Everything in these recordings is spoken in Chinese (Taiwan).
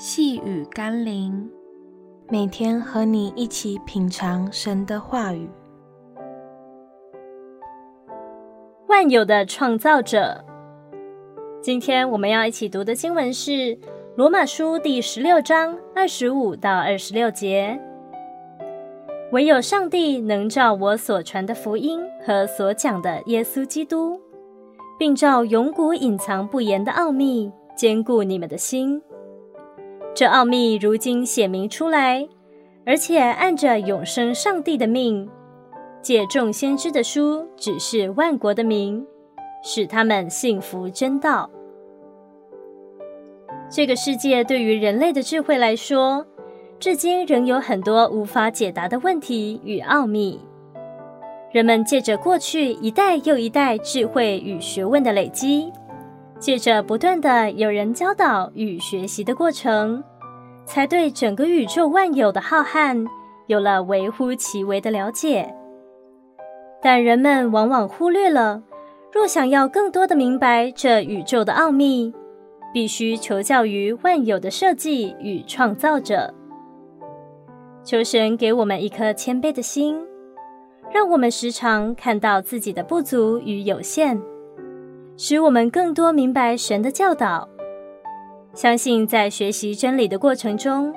細語甘霖，每天和你一起品嘗神的話語。萬有的創造者，今天我們要一起讀的經文是《羅馬書》第十六章二十五到二十六節。唯有上帝能照我所傳的福音和所講的耶穌基督，並照永古隱藏不言的奧秘，堅固你們的心。這奧秘如今顯明出來，而且按着永生上帝的命，借眾先知的書指示萬國的民，使他們信服真道。這個世界對於人類的智慧來說，至今仍有很多無法解答的問題與奧秘。人們借着過去一代又一代智慧與學問的累積。借着不斷的有人教導與學習的過程，才對整個宇宙萬有的浩瀚有了微乎其微的了解。但人們往往忽略了，若想要更多的明白這宇宙的奧秘，必須求教於萬有的設計與創造者。求神給我們一顆謙卑的心，讓我們時常看到自己的不足與有限。使我們更多明白神的教導，相信在學習真理的過程中，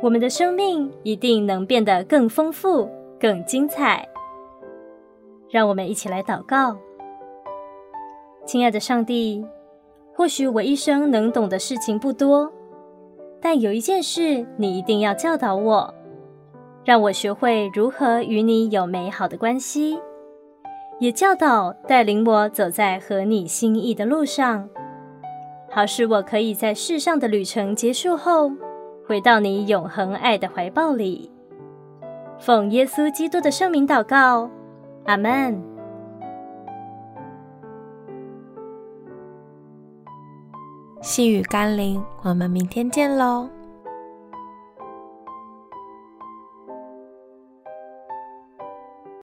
我們的生命一定能變得更豐富、更精彩。讓我們一起來禱告。親愛的上帝，或許我一生能懂的事情不多，但有一件事你一定要教導我，讓我學會如何與你有美好的關係。也教導、帶領我走在合你心意的路上，好使我可以在世上的旅程結束後，回到你永恆愛的懷抱裡。奉耶穌基督的聖名禱告，阿們。細語甘霖，我們明天見嘍。